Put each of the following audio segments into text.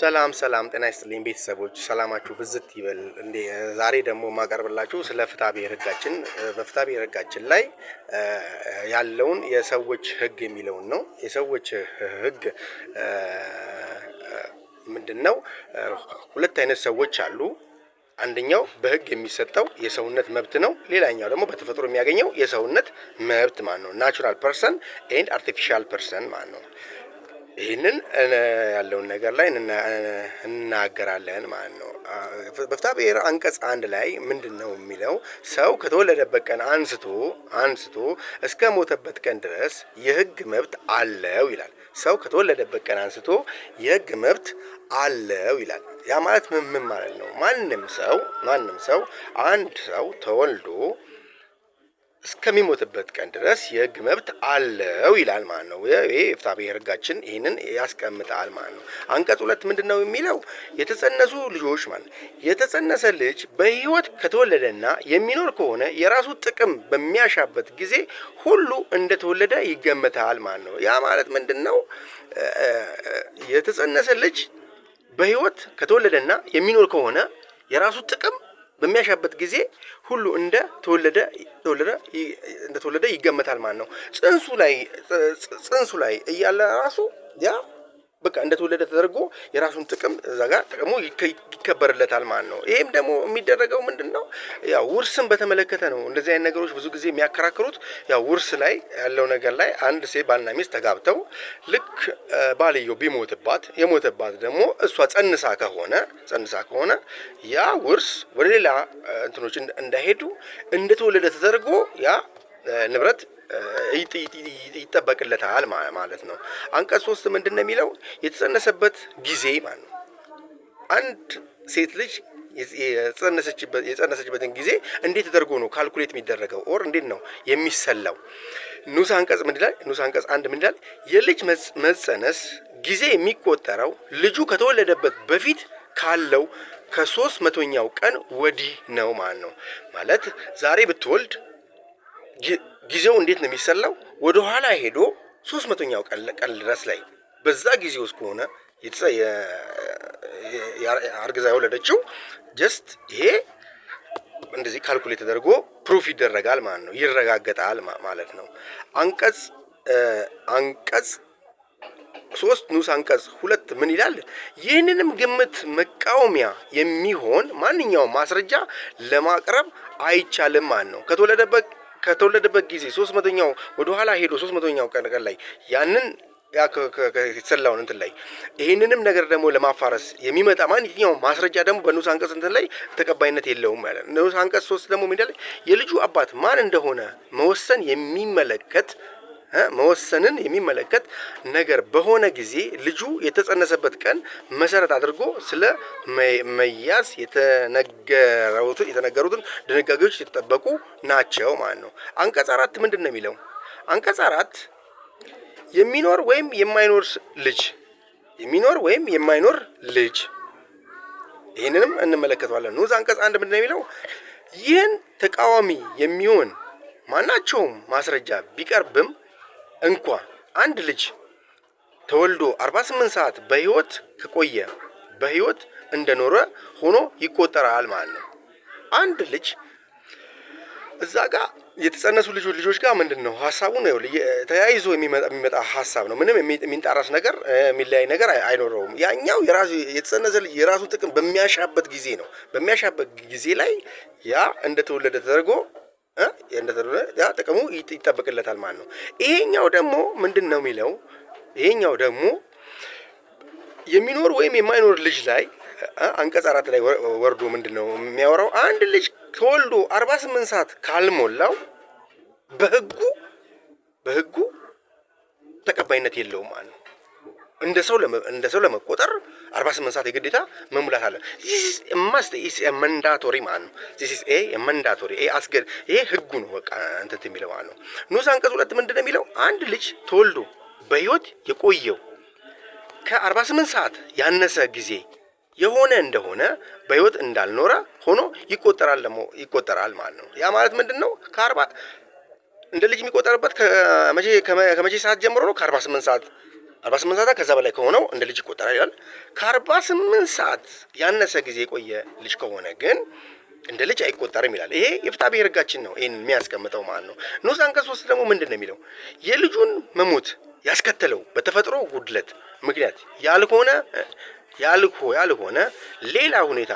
ሰላም ሰላም፣ ጤና ይስጥልኝ ቤተሰቦች፣ ሰላማችሁ ብዝት ይበል። እንዴ ዛሬ ደግሞ የማቀርብላችሁ ስለ ፍትሐ ብሔር ሕጋችን በፍትሐ ብሔር ላይ ያለውን የሰዎች ህግ የሚለውን ነው። የሰዎች ህግ ምንድን ነው? ሁለት አይነት ሰዎች አሉ። አንደኛው በህግ የሚሰጠው የሰውነት መብት ነው። ሌላኛው ደግሞ በተፈጥሮ የሚያገኘው የሰውነት መብት ማለት ነው? ናቹራል ፐርሰን ኤንድ አርቲፊሻል ፐርሰን ማለት ነው? ይህንን ያለውን ነገር ላይ እናገራለን ማለት ነው። በፍታ ብሔር አንቀጽ አንድ ላይ ምንድን ነው የሚለው? ሰው ከተወለደበት ቀን አንስቶ አንስቶ እስከ ሞተበት ቀን ድረስ የህግ መብት አለው ይላል። ሰው ከተወለደበት ቀን አንስቶ የህግ መብት አለው ይላል። ያ ማለት ምን ምን ማለት ነው? ማንም ሰው ማንም ሰው አንድ ሰው ተወልዶ እስከሚሞትበት ቀን ድረስ የህግ መብት አለው ይላል ማለት ነው። ይሄ የፍትሐብሔር ህጋችን ይህንን ያስቀምጣል ማለት ነው። አንቀጽ ሁለት ምንድን ነው የሚለው? የተጸነሱ ልጆች ማለት የተጸነሰ ልጅ በህይወት ከተወለደና የሚኖር ከሆነ የራሱ ጥቅም በሚያሻበት ጊዜ ሁሉ እንደተወለደ ይገመታል ማለት ነው። ያ ማለት ምንድን ነው? የተጸነሰ ልጅ በህይወት ከተወለደና የሚኖር ከሆነ የራሱ ጥቅም በሚያሻበት ጊዜ ሁሉ እንደ ተወለደ ተወለደ እንደ ተወለደ ይገመታል ማለት ነው። ጽንሱ ላይ ጽንሱ ላይ እያለ ራሱ ያ በቃ እንደተወለደ ተደርጎ የራሱን ጥቅም እዛ ጋር ጥቅሙ ይከበርለታል ማለት ነው። ይሄም ደግሞ የሚደረገው ምንድን ነው ያው ውርስን በተመለከተ ነው። እንደዚህ አይነት ነገሮች ብዙ ጊዜ የሚያከራክሩት ያው ውርስ ላይ ያለው ነገር ላይ አንድ ሴ ባልና ሚስት ተጋብተው ልክ ባልየው ቢሞትባት የሞተባት ደግሞ እሷ ጸንሳ ከሆነ ጸንሳ ከሆነ ያ ውርስ ወደ ሌላ እንትኖች እንዳይሄዱ እንደተወለደ ተደርጎ ያ ንብረት ይጠበቅለታል ማለት ነው። አንቀጽ ሶስት ምንድን ነው የሚለው? የተጸነሰበት ጊዜ ማለት ነው። አንድ ሴት ልጅ የጸነሰችበትን ጊዜ እንዴት ተደርጎ ነው ካልኩሌት የሚደረገው ኦር እንዴት ነው የሚሰላው? ንዑስ አንቀጽ ምን ይላል? ንዑስ አንቀጽ አንድ ምን ይላል? የልጅ መጸነስ ጊዜ የሚቆጠረው ልጁ ከተወለደበት በፊት ካለው ከሶስት መቶኛው ቀን ወዲህ ነው ማለት ነው። ማለት ዛሬ ብትወልድ ጊዜው እንዴት ነው የሚሰላው? ወደ ኋላ ሄዶ ሶስት መቶኛው ቀን ድረስ ላይ በዛ ጊዜ ውስጥ ከሆነ አርግዛ የወለደችው ጀስት ይሄ እንደዚህ ካልኩሌት ተደርጎ ፕሩፍ ይደረጋል ማለት ነው፣ ይረጋገጣል ማለት ነው። አንቀጽ አንቀጽ ሶስት ንዑስ አንቀጽ ሁለት ምን ይላል? ይህንንም ግምት መቃወሚያ የሚሆን ማንኛውም ማስረጃ ለማቅረብ አይቻልም ማለት ነው ከተወለደበት ከተወለደበት ጊዜ ሶስት መቶኛው ወደ ኋላ ሄዶ ሶስት መቶኛው ቀን ቀን ላይ ያንን የተሰላውን እንትን ላይ ይህንንም ነገር ደግሞ ለማፋረስ የሚመጣ ማንኛውም ማስረጃ ደግሞ በንዑስ አንቀጽ እንትን ላይ ተቀባይነት የለውም ማለት ንዑስ አንቀጽ ሶስት ደግሞ ሚዳ ላይ የልጁ አባት ማን እንደሆነ መወሰን የሚመለከት መወሰንን የሚመለከት ነገር በሆነ ጊዜ ልጁ የተጸነሰበት ቀን መሰረት አድርጎ ስለ መያዝ የተነገሩትን ድንጋጌዎች የተጠበቁ ናቸው ማለት ነው። አንቀጽ አራት ምንድን ነው የሚለው? አንቀጽ አራት የሚኖር ወይም የማይኖር ልጅ የሚኖር ወይም የማይኖር ልጅ ይህንንም እንመለከተዋለን። ንዑስ አንቀጽ አንድ ምንድን ነው የሚለው? ይህን ተቃዋሚ የሚሆን ማናቸውም ማስረጃ ቢቀርብም እንኳ አንድ ልጅ ተወልዶ 48 ሰዓት በህይወት ከቆየ በህይወት እንደኖረ ሆኖ ይቆጠራል ማለት ነው። አንድ ልጅ እዛ ጋር የተጸነሱ ልጆች ልጆች ጋር ምንድን ነው ሀሳቡ ነው ተያይዞ የሚመጣ ሀሳብ ነው። ምንም የሚንጣራስ ነገር የሚለያይ ነገር አይኖረውም። ያኛው የራሱ የተጸነሰ ልጅ የራሱ ጥቅም በሚያሻበት ጊዜ ነው። በሚያሻበት ጊዜ ላይ ያ እንደተወለደ ተደርጎ እንደተደረገ ጥቅሙ ይጠበቅለታል ማለት ነው። ይሄኛው ደግሞ ምንድነው የሚለው? ይሄኛው ደግሞ የሚኖር ወይም የማይኖር ልጅ ላይ አንቀጽ አራት ላይ ወርዶ ምንድነው የሚያወራው? አንድ ልጅ ተወልዶ 48 ሰዓት ካልሞላው በህጉ በህጉ ተቀባይነት የለውም ማለት ነው። እንደ ሰው እንደ ሰው ለመቆጠር 48 ሰዓት የግዴታ መሙላት አለ። this is a must is a mandatory ማለት ነው። this is a mandatory a አስገድ ይሄ ህጉ ነው። በቃ እንትን የሚለው ማለት ነው። ንዑስ አንቀጽ ሁለት ምንድን ነው የሚለው? አንድ ልጅ ተወልዶ በህይወት የቆየው ከ48 ሰዓት ያነሰ ጊዜ የሆነ እንደሆነ በህይወት እንዳልኖረ ሆኖ ይቆጠራል ደግሞ ይቆጠራል ማለት ነው። ያ ማለት ምንድን ነው? ከአርባ እንደ ልጅ የሚቆጠርበት ከመቼ ከመቼ ሰዓት ጀምሮ ነው? ከ48 ሰዓት 48 ሰዓታት ከዛ በላይ ከሆነው እንደ ልጅ ይቆጠራል ይላል። ከ48 ሰዓት ያነሰ ጊዜ የቆየ ልጅ ከሆነ ግን እንደ ልጅ አይቆጠርም ይላል። ይሄ የፍታ ብሔር ህጋችን ነው ይሄን የሚያስቀምጠው ማለት ነው። ንዑስ አንቀጽ ሶስት ደግሞ ምንድን ነው የሚለው የልጁን መሞት ያስከተለው በተፈጥሮ ጉድለት ምክንያት ያልሆነ ያልሆ ያልሆነ ሌላ ሁኔታ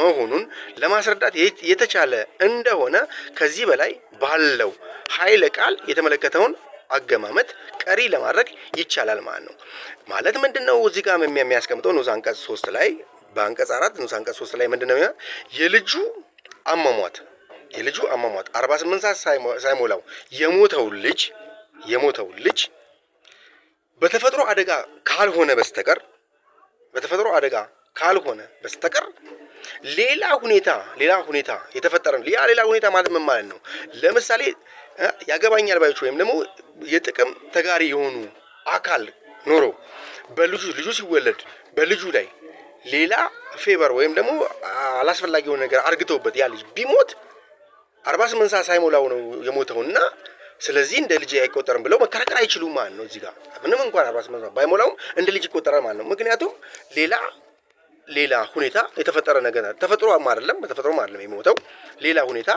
መሆኑን ለማስረዳት የተቻለ እንደሆነ ከዚህ በላይ ባለው ኃይለ ቃል የተመለከተውን አገማመት ቀሪ ለማድረግ ይቻላል ማለት ነው። ማለት ምንድነው እዚህ ጋር የሚያስቀምጠው ንዑስ አንቀጽ 3 ላይ በአንቀጽ 4 ንዑስ አንቀጽ 3 ላይ ምንድነው የልጁ አሟሟት የልጁ አሟሟት 48 ሰዓት ሳይሞላው የሞተው ልጅ የሞተው ልጅ በተፈጥሮ አደጋ ካልሆነ በስተቀር በተፈጥሮ አደጋ ካልሆነ በስተቀር ሌላ ሁኔታ ሌላ ሁኔታ የተፈጠረ ነው። ሌላ ሁኔታ ማለት ምን ማለት ነው? ለምሳሌ ያገባኛል ባዮች ወይም ደግሞ የጥቅም ተጋሪ የሆኑ አካል ኖሮ በልጁ ልጁ ሲወለድ በልጁ ላይ ሌላ ፌቨር ወይም ደግሞ አላስፈላጊ የሆነ ነገር አርግተውበት ያ ልጅ ቢሞት አርባ ስምንት ሰዓት ሳይሞላው ነው የሞተው እና ስለዚህ እንደ ልጅ አይቆጠርም ብለው መከራከር አይችሉም ማለት ነው። እዚህ ጋር ምንም እንኳን አርባ ስምንት ሰዓት ባይሞላውም እንደ ልጅ ይቆጠራል ማለት ነው። ምክንያቱም ሌላ ሌላ ሁኔታ የተፈጠረ ነገር ተፈጥሮ አይደለም፣ በተፈጥሮም አይደለም የሞተው ሌላ ሁኔታ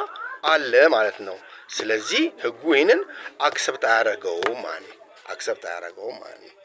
አለ ማለት ነው። ስለዚህ ህጉ ይህንን አክሰብት አያደርገውም ማለት አክሰብት አያደርገውም ማለት ነው።